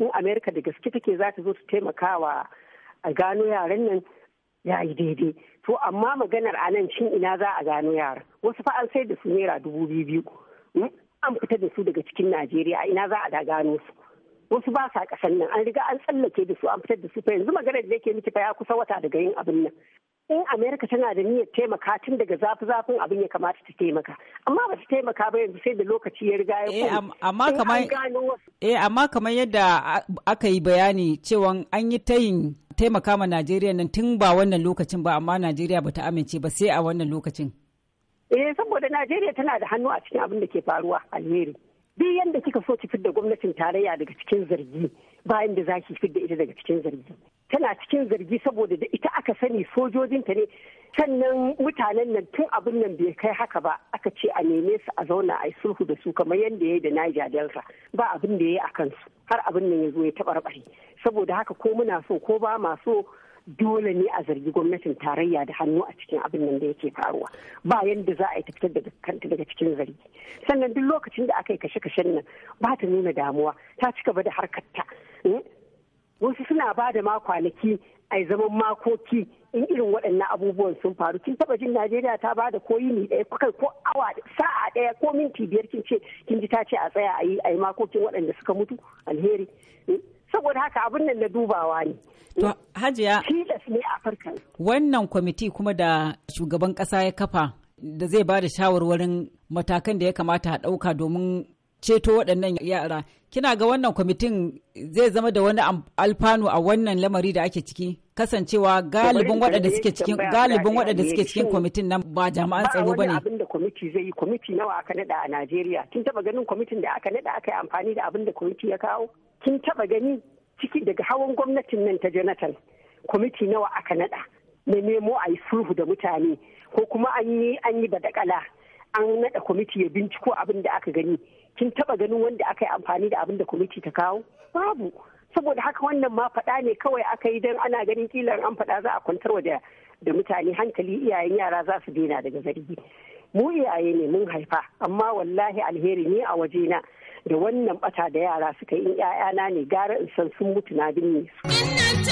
in amerika da gaske take za ta zo ta taimakawa a gano yaran nan ya yi daidai to amma maganar a nan shin ina za a gano yara? wasu fa an sai da su naira dubu biyu biyu hmm? an fita da su daga cikin najeriya a ina za a da gano su wasu ba sa kasan nan an riga an tsallake da su an fitar da su fa yanzu maganar da yake miki ya kusa wata daga yin abin nan in amerika tana da niyyar taimaka tun daga zafi zafin abin ya kamata ta taimaka amma ba ta taimaka ba yanzu sai da lokaci ya riga ya eh, amma kamar eh amma kamar yadda aka yi bayani cewa an yi tayin taimaka ma najeriya nan tun ba wannan lokacin ba amma najeriya ba ta amince ba sai a wannan lokacin eh saboda najeriya tana da hannu a cikin abin da ke faruwa alheri duk yadda kika so ki fidda gwamnatin tarayya daga cikin zargi bayan da za ki fidda ita daga cikin zargi tana cikin zargi saboda da ita aka sani sojojinta ne sannan mutanen nan tun abin nan bai kai haka ba aka ce a neme su a zauna a yi sulhu da su kamar yadda ya yi da Niger Delta ba abin da ya yi a kansu har abin nan ya zo ya rabari. saboda haka ko muna so ko ba ma so dole ne a zargi gwamnatin tarayya da hannu a cikin abin nan da yake faruwa ba yadda za a yi tafitar da kanta daga cikin zargi sannan duk lokacin da aka yi kashe-kashen nan ba ta nuna damuwa ta ci gaba da harkarta hmm? wasu suna ba da ma kwanaki a zaman makoki in irin waɗannan abubuwan sun faru kin taba jin Najeriya ta ba da koyi ne ɗaya kai ko awa sa'a ɗaya ko minti biyar kin ce kin ji ta ce a tsaya a yi a yi makokin waɗanda suka mutu alheri hmm? saboda haka abin nan na dubawa ne to hajiya tilas ne a farkan wannan kwamiti kuma da shugaban ƙasa ya kafa da zai ba da shawarwarin matakan da ya kamata a ɗauka domin ceto waɗannan yara kina ga wannan kwamitin zai zama da wani alfanu a wannan lamari da ake ciki kasancewa galibin waɗanda suke cikin galibin waɗanda suke cikin kwamitin nan ba jami'an tsaro bane abin da kwamiti zai yi kwamiti nawa aka nada a Najeriya kin taba ganin kwamitin da aka nada aka yi amfani da abin da kwamiti ya kawo kin taba gani ciki daga hawan gwamnatin nan ta Jonathan kwamiti nawa aka nada na nemo a yi sulhu da mutane ko kuma an yi an yi badakala an nada kwamiti ya binciko abin da aka gani kin taba ganin wanda aka yi amfani da abin da kwamiti ta kawo babu saboda haka wannan ma faɗa ne kawai aka yi don ana ganin kila an faɗa za a kwantar wa da mutane hankali iyayen yara za su daina daga zargi mu iyaye ne mun haifa amma wallahi alheri ne a wajena da wannan bata da yara suka yi in 'ya'yana ne gara in san sun mutu na binne su